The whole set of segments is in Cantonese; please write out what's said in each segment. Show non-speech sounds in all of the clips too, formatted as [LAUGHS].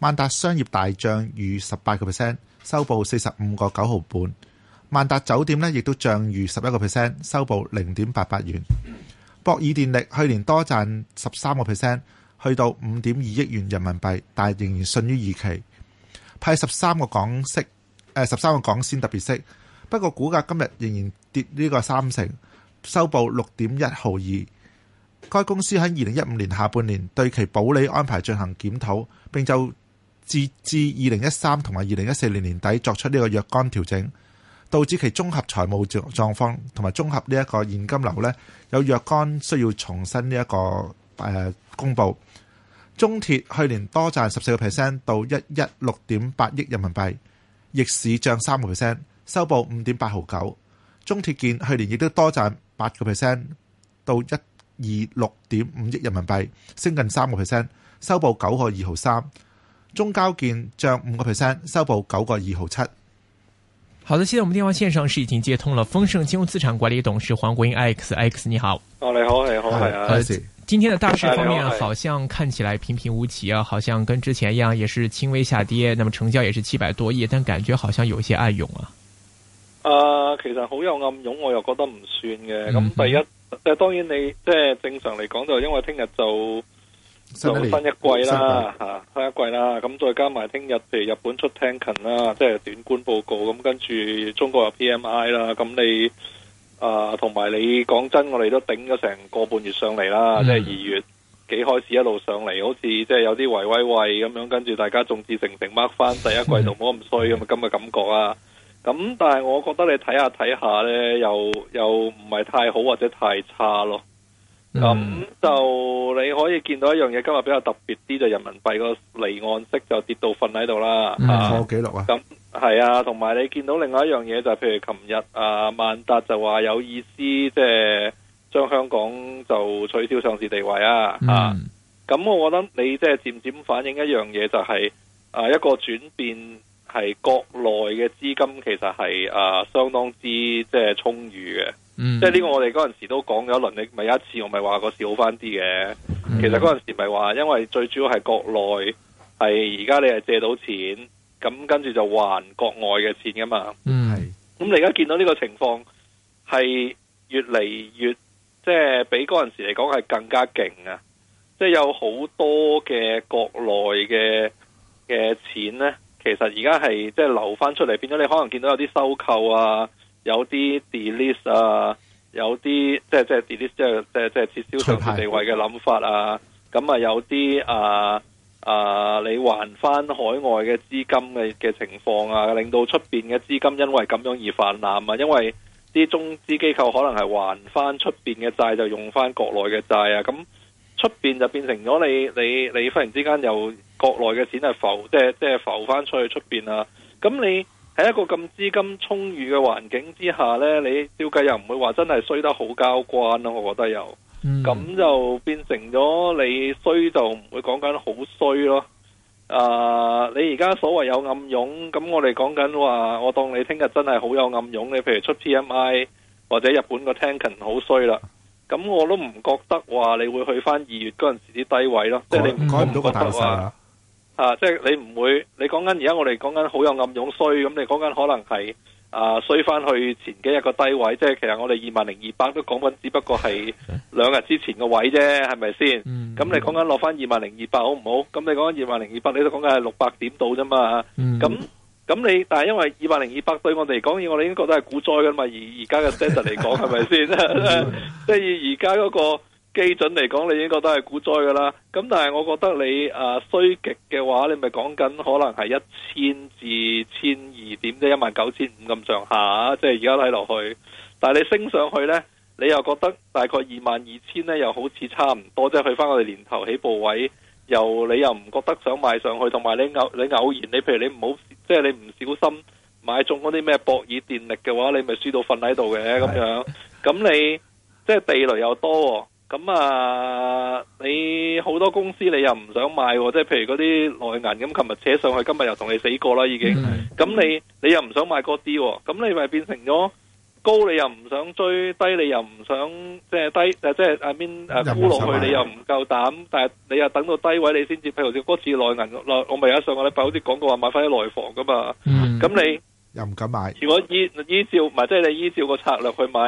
萬達商業大漲逾十八個 percent，收報四十五個九毫半。萬達酒店呢亦都漲逾十一個 percent，收報零點八八元。博爾電力去年多賺十三個 percent，去到五點二億元人民幣，但仍然遜於預期。派十三個港息，誒十三個港仙特別息。不過股價今日仍然跌呢個三成，收報六點一毫二。該公司喺二零一五年下半年對其保理安排進行檢討，並就截至二零一三同埋二零一四年年底作出呢個若干調整，導致其綜合財務狀況同埋綜合呢一個現金流咧有若干需要重新呢、這、一個誒、呃、公佈。中鐵去年多賺十四個 percent 到一一六點八億人民幣，逆市漲三個 percent，收報五點八毫九。中鐵建去年亦都多賺八個 percent 到一二六點五億人民幣，升近三個 percent，收報九個二毫三。中交建漲五個 percent，收報九個二毫七。好的，現在我們電話線上是已經接通了。豐盛金融資產管理董事黃國英，X X 你好。哦，你好，你好，係啊，今天的大市方面，好像看起來平平無奇啊，啊好，好像跟之前一樣，也是輕微下跌。那麼成交也是七百多億，但感覺好像有些暗湧啊。誒、啊，其實好有暗湧，我又覺得唔算嘅。咁、嗯、哼第一，當然你即係正常嚟講就，就，因為聽日就。新就新一季啦，嚇新一季啦，咁、嗯、再加埋聽日，譬如日本出 Tankan 啦，即係短觀報告，咁跟住中國有 PMI 啦，咁、啊、你啊同埋你講真，我哋都頂咗成個半月上嚟啦，即係二月幾開始一路上嚟，好似即係有啲維維維咁樣，跟住大家眾志成城，mark 翻第一季就冇咁衰咁嘅感覺啊。咁但係我覺得你睇下睇下咧，又又唔係太好或者太差咯。咁、嗯、就你可以見到一樣嘢，今日比較特別啲就是、人民幣個離岸息就跌到瞓喺度啦，破紀錄啊！咁係啊，同埋、啊、你見到另外一樣嘢就係、是，譬如琴日啊，萬達就話有意思，即係將香港就取消上市地位、嗯、啊！啊，咁我覺得你即係漸漸反映一樣嘢、就是，就係啊一個轉變，係國內嘅資金其實係啊相當之即係、就是、充裕嘅。即係呢個我哋嗰陣時都講咗輪，你咪一次我咪話個好翻啲嘅。嗯、其實嗰陣時咪話，因為最主要係國內係而家你係借到錢，咁跟住就還國外嘅錢噶嘛。嗯，係、嗯。咁你而家見到呢個情況係越嚟越，即係比嗰陣時嚟講係更加勁啊！即係有好多嘅國內嘅嘅錢呢，其實而家係即係留翻出嚟，變咗你可能見到有啲收購啊。有啲 delete 啊，有啲即係即係 delete，即係即係即係撤銷上市地位嘅諗法啊。咁啊，有啲啊啊，你還翻海外嘅資金嘅嘅情況啊，令到出邊嘅資金因為咁樣而泛濫啊。因為啲中資機構可能係還翻出邊嘅債就用翻國內嘅債啊。咁出邊就變成咗你你你忽然之間又國內嘅錢係浮，即係即係浮翻出去出邊啊。咁你。喺一個咁資金充裕嘅環境之下呢，你照計又唔會話真係衰得好交關咯，我覺得又，咁、嗯、就變成咗你衰就唔會講緊好衰咯。啊、uh，你而家所謂有暗湧，咁我哋講緊話，我當你聽日真係好有暗湧，你譬如出 PMI 或者日本個 Tankan 好衰啦，咁我都唔覺得話你會去翻二月嗰陣時啲低位咯，說即係你改唔到個態勢。啊！即係你唔會，你講緊而家我哋講緊好有暗湧衰，咁你講緊可能係啊、呃、衰翻去前幾日個低位，即係其實我哋二萬零二百都講緊，只不過係兩日之前嘅位啫，係咪先？咁、嗯、你講緊落翻二萬零二百好唔好？咁你講緊二萬零二百，你都講緊係六百點度啫嘛？咁咁、嗯、你，但係因為二萬零二百對我哋嚟講，我哋已經覺得係股災噶嘛？而而家嘅 set 嚟講，係咪先？ [LAUGHS] [LAUGHS] [LAUGHS] 即係而家嗰個。基準嚟講，你已經覺得係股災噶啦。咁但係我覺得你誒，衰極嘅話，你咪講緊可能係一千至千二點即，一萬九千五咁上下。即係而家睇落去，但係你升上去呢，你又覺得大概二萬二千呢又好似差唔多，即係去返我哋年頭起步位。又你又唔覺得想賣上去，同埋你偶你偶然，你譬如你唔好即係你唔小心買中嗰啲咩博耳電力嘅話，你咪輸到瞓喺度嘅咁樣。咁是的 你即係、即係、地雷又多、哦。咁啊，你好多公司你又唔想買，即係譬如嗰啲內銀咁，琴日扯上去，今日又同你死過啦已經。咁你你又唔想買嗰啲，咁你咪變成咗高你又唔想追，低你又唔想即係低，即係誒邊誒沽落去，你又唔夠膽。但係你又等到低位，你先至譬如好似嗰次內銀，內我咪有上個禮拜好似講過話買翻啲內房噶嘛。咁你又唔敢買？如果依依照，唔係即係你依照個策略去買，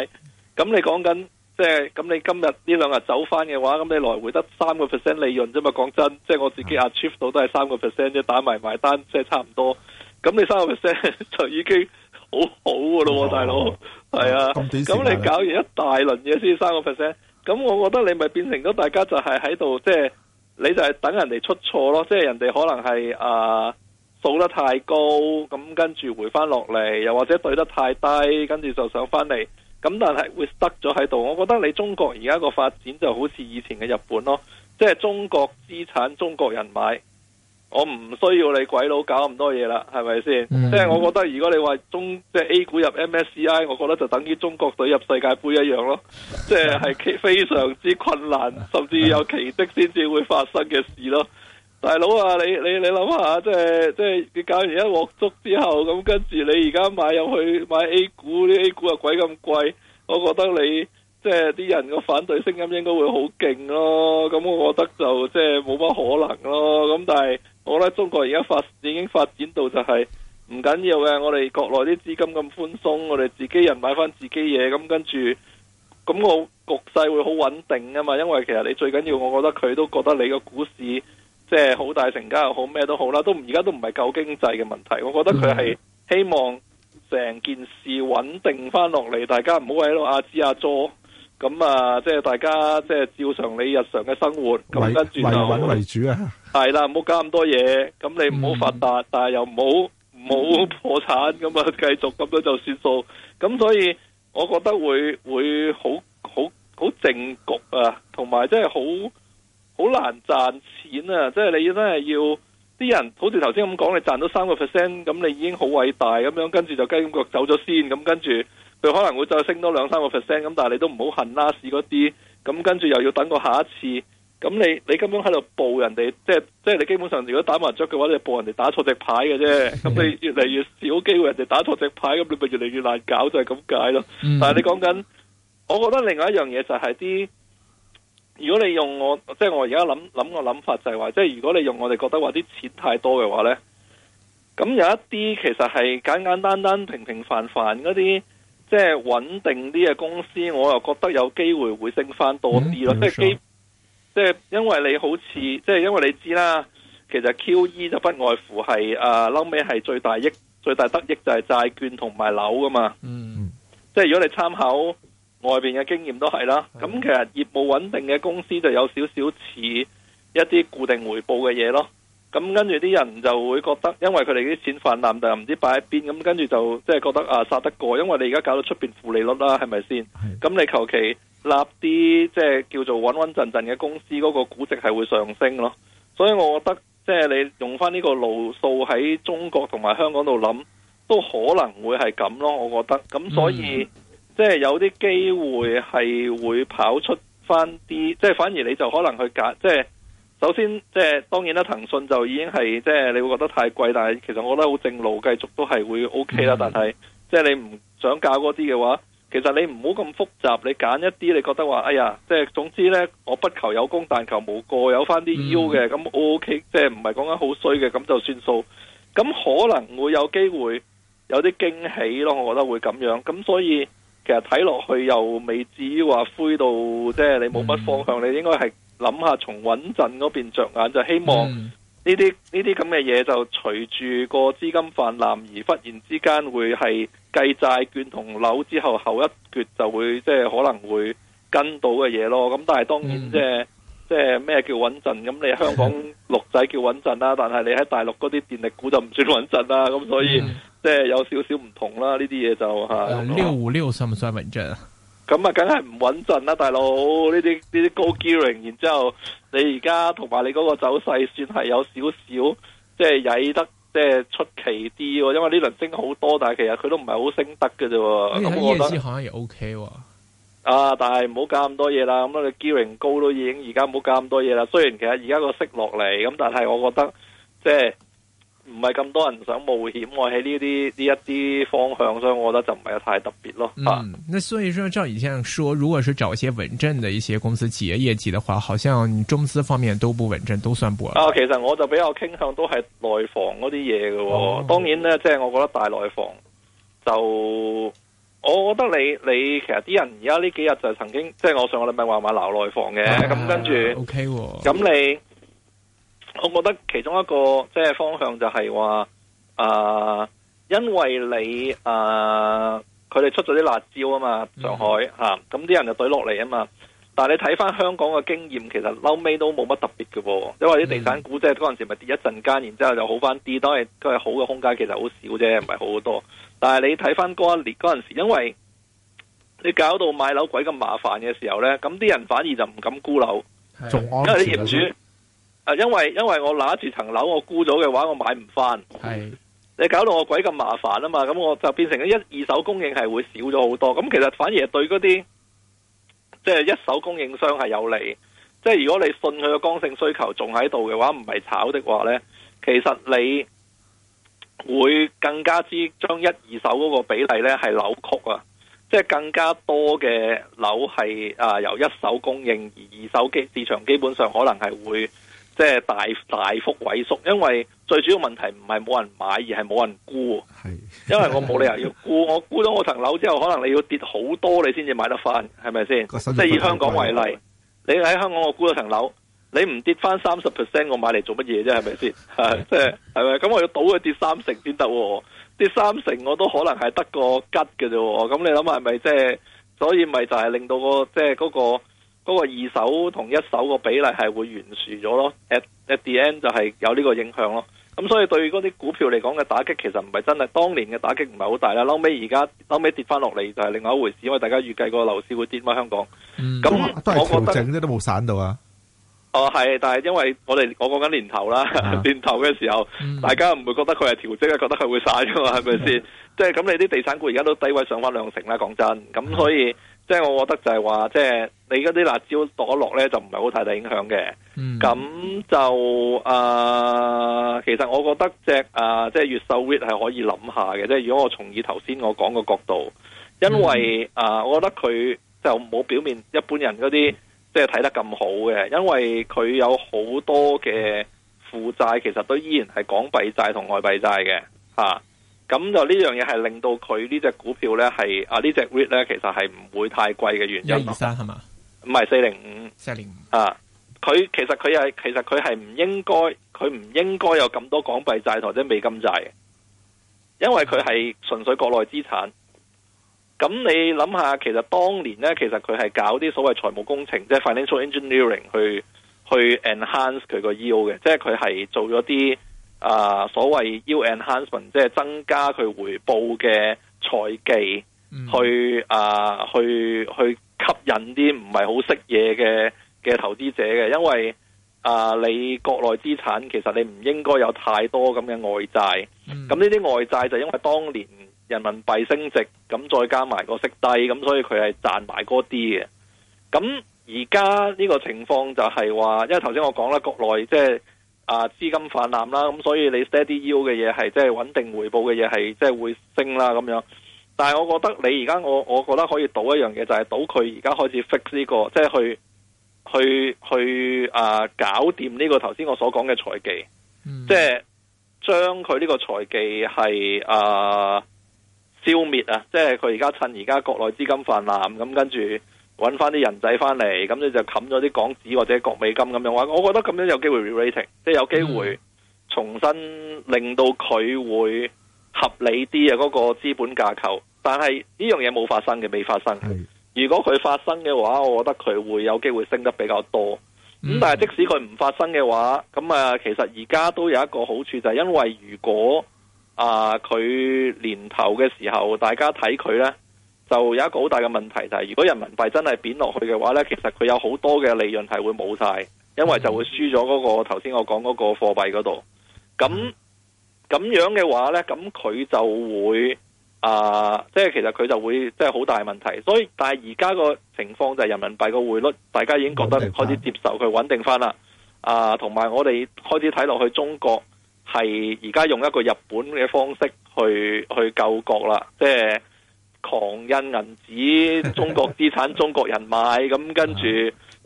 咁你講緊。即係咁，你今日呢兩日走翻嘅話，咁你來回得三個 percent 利潤啫嘛。講真，即係我自己 achieve 到都係三個 percent 啫，打埋埋單即係差唔多。咁你三個 percent 就已經好好嘅咯，大佬係啊。咁你搞完一大輪嘢先三個 percent，咁我覺得你咪變成咗大家就係喺度，即係你就係等人哋出錯咯。即係人哋可能係啊、呃、數得太高，咁跟住回翻落嚟，又或者對得太低，跟住就想翻嚟。咁但係會 stuck 咗喺度，我覺得你中國而家個發展就好似以前嘅日本咯，即係中國資產中國人買，我唔需要你鬼佬搞咁多嘢啦，係咪先？嗯、即係我覺得如果你話中即係 A 股入 MSCI，我覺得就等於中國隊入世界盃一樣咯，即係係非常之困難，甚至有奇蹟先至會發生嘅事咯。大佬啊，你你你諗下，即係即係你搞完一鑊粥之後，咁跟住你而家買入去買 A 股，啲 A 股又鬼咁貴，我覺得你即係啲人個反對聲音應該會好勁咯。咁我覺得就即係冇乜可能咯。咁但係我覺得中國而家發已經發展到就係唔緊要嘅，我哋國內啲資金咁寬鬆，我哋自己人買翻自己嘢，咁跟住咁我局勢會好穩定啊嘛。因為其實你最緊要，我覺得佢都覺得你個股市。即係好大成家又好咩都好啦，都而家都唔係夠經濟嘅問題，我覺得佢係希望成件事穩定翻落嚟，大家唔好喺度阿支阿左，咁啊即係大家即係照常你日常嘅生活，咁跟住啊，穩為，為主啊，係啦，唔好搞咁多嘢，咁你唔好發達，嗯、但係又唔好唔好破產，咁啊繼續咁樣就算數，咁所以我覺得會會好好好正局啊，同埋即係好。好難賺錢啊！即係你真係要啲人，好似頭先咁講，你賺到三個 percent，咁你已經好偉大咁樣，跟住就雞咁腳走咗先，咁跟住佢可能會再升多兩三個 percent，咁但係你都唔好恨拉市嗰啲，咁跟住又要等過下一次，咁你你根本喺度報人哋，即係即係你基本上如果打麻雀嘅話，你就報人哋打錯隻牌嘅啫，咁你越嚟越少機會人哋打錯隻牌，咁你咪越嚟越難搞，就係咁解咯。嗯、但係你講緊，我覺得另外一樣嘢就係啲。如果你用我，即係我而家諗諗個諗法，就係話，即係如果你用我哋覺得話啲錢太多嘅話咧，咁有一啲其實係簡簡單單單平平凡凡嗰啲，即係穩定啲嘅公司，我又覺得有機會會升翻多啲咯。嗯、即係基，錯即係因為你好似，即係因為你知啦，其實 QE 就不外乎係誒，撈尾係最大益，最大得益就係債券同埋樓啊嘛。嗯，即係如果你參考。外邊嘅經驗都係啦，咁其實業務穩定嘅公司就有少少似一啲固定回報嘅嘢咯。咁跟住啲人就會覺得，因為佢哋啲錢泛濫，但又唔知擺喺邊。咁跟住就即係覺得啊，殺得過，因為你而家搞到出邊負利率啦，係咪先？咁你求其立啲，即係叫做穩穩陣陣嘅公司，嗰個估值係會上升咯。所以我覺得，即係你用翻呢個路數喺中國同埋香港度諗，都可能會係咁咯。我覺得，咁所以。嗯即係有啲機會係會跑出翻啲，即係反而你就可能去揀。即係首先，即係當然啦，騰訊就已經係即係你會覺得太貴，但係其實我覺得好正路，繼續都係會 O K 啦。但係即係你唔想搞嗰啲嘅話，其實你唔好咁複雜，你揀一啲你覺得話，哎呀，即係總之呢，我不求有功，但求無過，有翻啲腰嘅咁 O K，即係唔係講緊好衰嘅咁就算數。咁可能會有機會有啲驚喜咯，我覺得會咁樣。咁所以。其實睇落去又未至於話灰到，即、就、係、是、你冇乜方向，嗯、你應該係諗下從穩陣嗰邊着眼，就希望呢啲呢啲咁嘅嘢就隨住個資金氾濫而忽然之間會係計債券同樓之後後一橛就會即係、就是、可能會跟到嘅嘢咯。咁但係當然、嗯、即係即係咩叫穩陣？咁你香港六仔叫穩陣啦、啊，嗯、但係你喺大陸嗰啲電力股就唔算穩陣啦、啊。咁所以。嗯即係有少少唔同啦，呢啲嘢就吓六五六算唔算穩陣？咁、嗯、啊，梗係唔穩陣啦，大佬呢啲呢啲高 gearing，然之後你而家同埋你嗰個走勢，算係有少少即係曳得，即係出奇啲。因為呢輪升好多，但係其實佢都唔係好升得嘅啫。咁我覺得，可能又 OK 啊。啊，但係唔好搞咁多嘢啦。咁啊，gearing 高都已經而家唔好搞咁多嘢啦。雖然其實而家個息落嚟，咁但係我覺得即係。唔係咁多人想冒險喎，喺呢啲呢一啲方向，所以我覺得就唔係太特別咯。嗯，那所以說，照以前說，如果是找一些穩陣的一些公司企業業績的話，好像中資方面都不穩陣，都算唔到啊，其實我就比較傾向都係內房嗰啲嘢嘅。哦、當然咧，即、就、係、是、我覺得大內房就，我覺得你你其實啲人而家呢幾日就是曾經，即、就、係、是、我上個禮拜話話聊內房嘅，咁、啊、跟住，OK 喎，咁你。嗯我覺得其中一個即係方向就係話，呃呃嗯、啊，啊，因為你啊，佢哋出咗啲辣椒啊嘛，上海嚇，咁啲人就對落嚟啊嘛。但係你睇翻香港嘅經驗，其實後尾都冇乜特別嘅，因為啲地產股即係嗰陣時咪跌一陣間，然之後就好翻啲，當係都係好嘅空間，其實很而已不是好少啫，唔係好多。但係你睇翻嗰一年嗰陣時，因為你搞到買樓鬼咁麻煩嘅時候咧，咁啲人反而就唔敢沽樓，因為啲業主。啊，因為因為我拿住層樓，我沽咗嘅話，我買唔翻。係是你搞到我鬼咁麻煩啊嘛，咁我就變成咗一二手供應係會少咗好多。咁、嗯、其實反而對嗰啲即係一手供應商係有利。即係如果你信佢嘅剛性需求仲喺度嘅話，唔係炒的話咧，其實你會更加之將一二手嗰個比例咧係扭曲啊，即係更加多嘅樓係啊由一手供應，而二手機市場基本上可能係會。即係大大幅萎縮，因為最主要問題唔係冇人買，而係冇人沽。係是，因為我冇理由要沽， [LAUGHS] 我沽咗我層樓之後，可能你要跌好多你才能，你先至買得翻，係咪先？即係以香港為例，是是你喺香港我沽咗層樓，你唔跌翻三十 percent，我買嚟做乜嘢啫？係咪先？吓是，即係係咪？咁我要倒佢跌三成先得，跌三成我都可能係得個吉嘅啫。咁你諗下，係咪即係？所以咪就係令到個即係嗰個。嗰個二手同一手個比例係會懸殊咗咯，at at the end 就係有呢個影響咯。咁所以對嗰啲股票嚟講嘅打擊其實唔係真係當年嘅打擊唔係好大啦。後尾而家後尾跌翻落嚟就係另外一回事，因為大家預計個樓市會跌，咁香港咁我覺得都係調整啫，都冇散到啊。哦，係，但係因為我哋我講緊年頭啦，啊啊年頭嘅時候，嗯、大家唔會覺得佢係調整啊，覺得佢會散噶嘛，係咪先？即係咁你啲地產股而家都低位上翻兩成啦，講真，咁所以。 [LAUGHS] 即係我覺得就係話，即係你嗰啲辣椒墮一落咧，就唔係好太大影響嘅。咁、嗯、就啊、呃，其實我覺得只啊、呃，即係越秀 REIT 係可以諗下嘅。即係如果我從以頭先我講個角度，因為啊、嗯呃，我覺得佢就冇表面一般人嗰啲即係睇得咁好嘅，因為佢有好多嘅負債，其實都依然係港幣債同外幣債嘅，嚇、啊。咁就呢樣嘢係令到佢呢隻股票、啊、隻呢，係啊呢隻 REIT 其實係唔會太貴嘅原因，一二三係嘛？唔係四零五，四零五啊！佢其實佢係其實佢係唔應該，佢唔應該有咁多港幣債或者美金債嘅，因為佢係純粹國內資產。咁你諗下，其實當年呢，其實佢係搞啲所謂財務工程，即係 financial engineering 去去 enhance 佢個 yield 嘅，即係佢係做咗啲。啊，所謂 Yield enhancement，即係增加佢回報嘅財技，嗯、去啊，去去吸引啲唔係好識嘢嘅嘅投資者嘅，因為啊，你國內資產其實你唔應該有太多咁嘅外債，咁呢啲外債就因為當年人民幣升值，咁再加埋個息低，咁所以佢係賺埋嗰啲嘅。咁而家呢個情況就係話，因為頭先我講啦，國內即係。啊，資金泛濫啦，咁、嗯、所以你 steady yield 嘅嘢，係即係穩定回報嘅嘢，係即係會升啦咁樣。但係我覺得你而家我，我覺得可以賭一樣嘢，就係、是、賭佢而家開始 fix 呢、這個，即係去去去啊搞掂呢個頭先我所講嘅財技，嗯、即係將佢呢個財技係啊消滅啊！即係佢而家趁而家國內資金泛濫咁、嗯、跟住。揾翻啲人仔翻嚟，咁你就冚咗啲港紙或者國美金咁樣話。我覺得咁樣有機會 re-rating，即係有機會重新令到佢會合理啲嘅嗰個資本架構。但係呢樣嘢冇發生嘅，未發生。的嗯、如果佢發生嘅話，我覺得佢會有機會升得比較多。咁但係即使佢唔發生嘅話，咁啊其實而家都有一個好處，就係、是、因為如果啊佢年頭嘅時候，大家睇佢呢。就有一個好大嘅問題，就係、是、如果人民幣真係貶落去嘅話呢，其實佢有好多嘅利潤係會冇晒，因為就會輸咗嗰、那個頭先我講嗰個貨幣嗰度。咁咁樣嘅話呢，咁佢就會啊，即、呃、係、就是、其實佢就會即係好大嘅問題。所以，但係而家個情況就係人民幣個匯率，大家已經覺得開始接受佢穩定翻啦。啊、呃，同埋我哋開始睇落去，中國係而家用一個日本嘅方式去去救國啦，即、就、係、是。狂印銀紙，中國資產 [LAUGHS] 中國人買，咁跟住、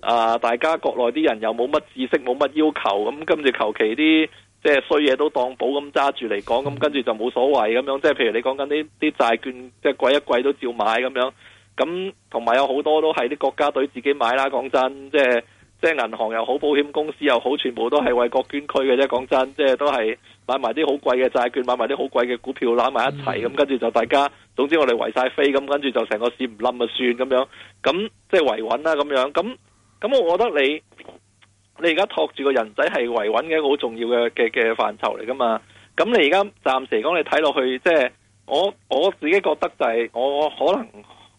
呃、大家國內啲人又冇乜知識，冇乜要求，咁跟住求其啲即係衰嘢都當寶咁揸住嚟講，咁跟住就冇所謂咁樣。即係譬如你講緊啲啲債券，即係貴一貴都照買咁樣。咁同埋有好多都係啲國家隊自己買啦。講真，即係即係銀行又好，保險公司又好，全部都係為國捐軀嘅啫。講真，即係都係。買埋啲好貴嘅債券，買埋啲好貴嘅股票，攬埋一齊咁，跟住就大家，總之我哋圍晒飛咁，跟住就成個市唔冧就算咁樣，咁即係維穩啦咁樣，咁咁我覺得你你而家托住個人仔係維穩嘅一個好重要嘅嘅嘅範疇嚟㗎嘛，咁你而家暫時嚟講，你睇落去即係、就是、我我自己覺得就係、是、我可能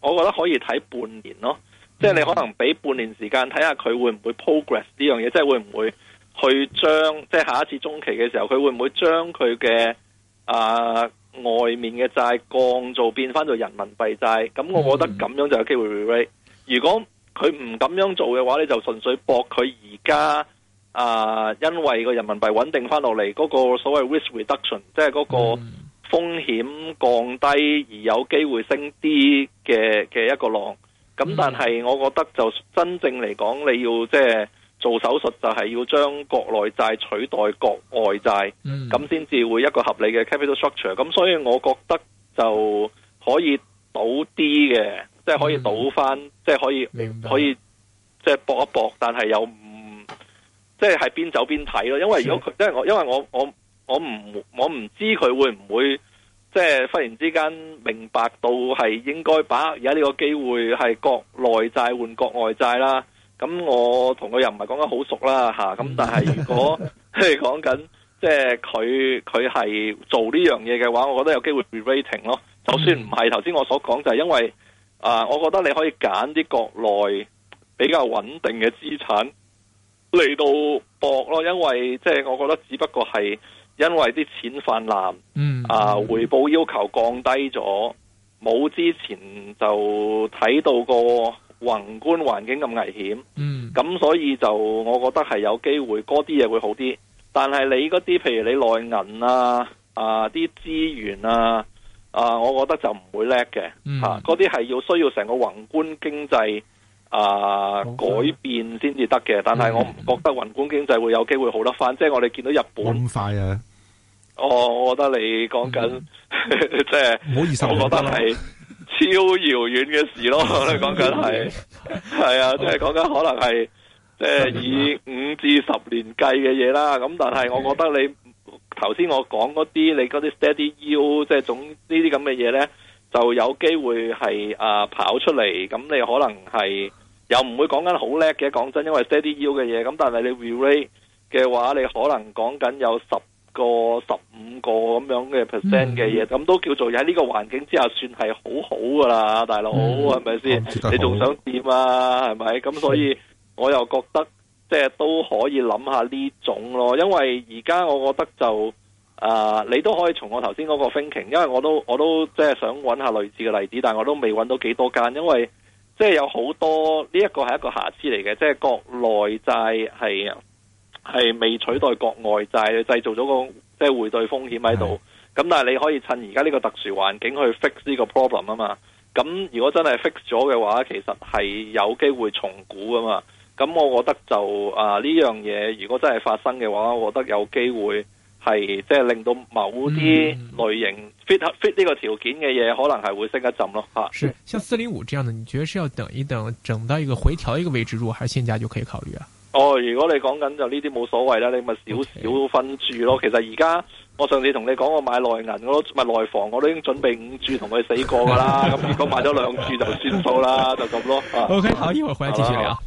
我覺得可以睇半年咯，即係、嗯、你可能俾半年時間睇下佢會唔會 progress 呢樣嘢，即、就、係、是、會唔會？去將即係下一次中期嘅時候，佢會唔會將佢嘅啊外面嘅債降做變翻做人民幣債？咁我覺得咁樣就有機會 re-rate。Mm hmm. 如果佢唔咁樣做嘅話，你就純粹搏佢而家啊，因為個人民幣穩定翻落嚟嗰個所謂 risk reduction，mm hmm. 即係嗰個風險降低而有機會升啲嘅嘅一個浪。咁但係我覺得就真正嚟講，你要即係。做手術就係要將國內債取代國外債，咁先至會一個合理嘅 capital structure。咁所以我覺得就可以賭啲嘅，即係、嗯、可以賭翻，即係不可以可以即係搏一搏，但係又唔即係係邊走邊睇咯。因為如果佢即係我，因為我我我唔我唔知佢會唔會即係、就是、忽然之間明白到係應該把而家呢個機會係國內債換國外債啦。咁我同佢又唔係講得好熟啦，吓咁。但係如果講緊即係佢佢係做呢樣嘢嘅話，我覺得有機會 re-rating 咯。就算唔係，頭先我所講就係、是、因為啊、呃，我覺得你可以揀啲國內比較穩定嘅資產嚟到搏咯。因為即係、就是、我覺得只不過係因為啲錢泛濫，嗯啊回報要求降低咗，冇之前就睇到過。宏觀環境咁危險，咁、嗯、所以就我覺得係有機會，嗰啲嘢會好啲。但係你嗰啲，譬如你內銀啊，啊啲資源啊，啊，我覺得就唔會叻嘅。吓、嗯，嗰啲係要需要成個宏觀經濟啊 okay, 改變先至得嘅。但係我唔覺得宏觀經濟會有機會好得翻。嗯、即係我哋見到日本咁快啊！我我覺得你講緊即係，我覺得係。 [LAUGHS] 超遙遠嘅事咯，我哋講緊係，係 [LAUGHS] 啊，即係講緊可能係，即、呃、係 [LAUGHS] 以五至十年計嘅嘢啦。咁但係我覺得你頭先我講嗰啲，你嗰啲 steady yield，即係總呢啲咁嘅嘢呢，就有機會係啊跑出嚟。咁你可能係又唔會講緊好叻嘅，講真，因為 steady yield 嘅嘢，咁但係你 valuation 嘅話，你可能講緊有十。個十五個咁樣嘅 percent 嘅嘢，咁、嗯、都叫做喺呢個環境之下算係好好噶啦，大佬係咪先？你仲想點啊？係咪、嗯？咁所以、嗯、我又覺得即係、就是、都可以諗下呢種咯，因為而家我覺得就啊、呃，你都可以從我頭先嗰個 thinking，因為我都我都即係、就是、想揾下類似嘅例子，但係我都未揾到幾多間，因為即係、就是、有好多呢一、這個係一個瑕疵嚟嘅，即、就、係、是、國內債係。係未取代國外債，製造咗個即係匯兌風險喺度。咁是但係你可以趁而家呢個特殊環境去 fix 呢個 problem 啊嘛。咁如果真係 fix 咗嘅話，其實係有機會重估啊嘛。咁我覺得就啊呢樣嘢，如果真係發生嘅話，我覺得有機會係即係令到某啲類型、嗯、fit fit 呢個條件嘅嘢，可能係會升一浸咯吓。是，像四零五這樣的，你覺得是要等一等，整到一個回調一個位置入，還是現價就可以考慮啊？哦，如果你講緊就呢啲冇所謂啦，你咪少少分住咯。Okay. 其實而家我上次同你講，我買內銀我都咪內房，我都已經準備五注同佢死過噶啦。咁如果買咗兩注就算數啦， [LAUGHS] 就咁咯。OK，啊，好，一陣返嚟繼續傾啊。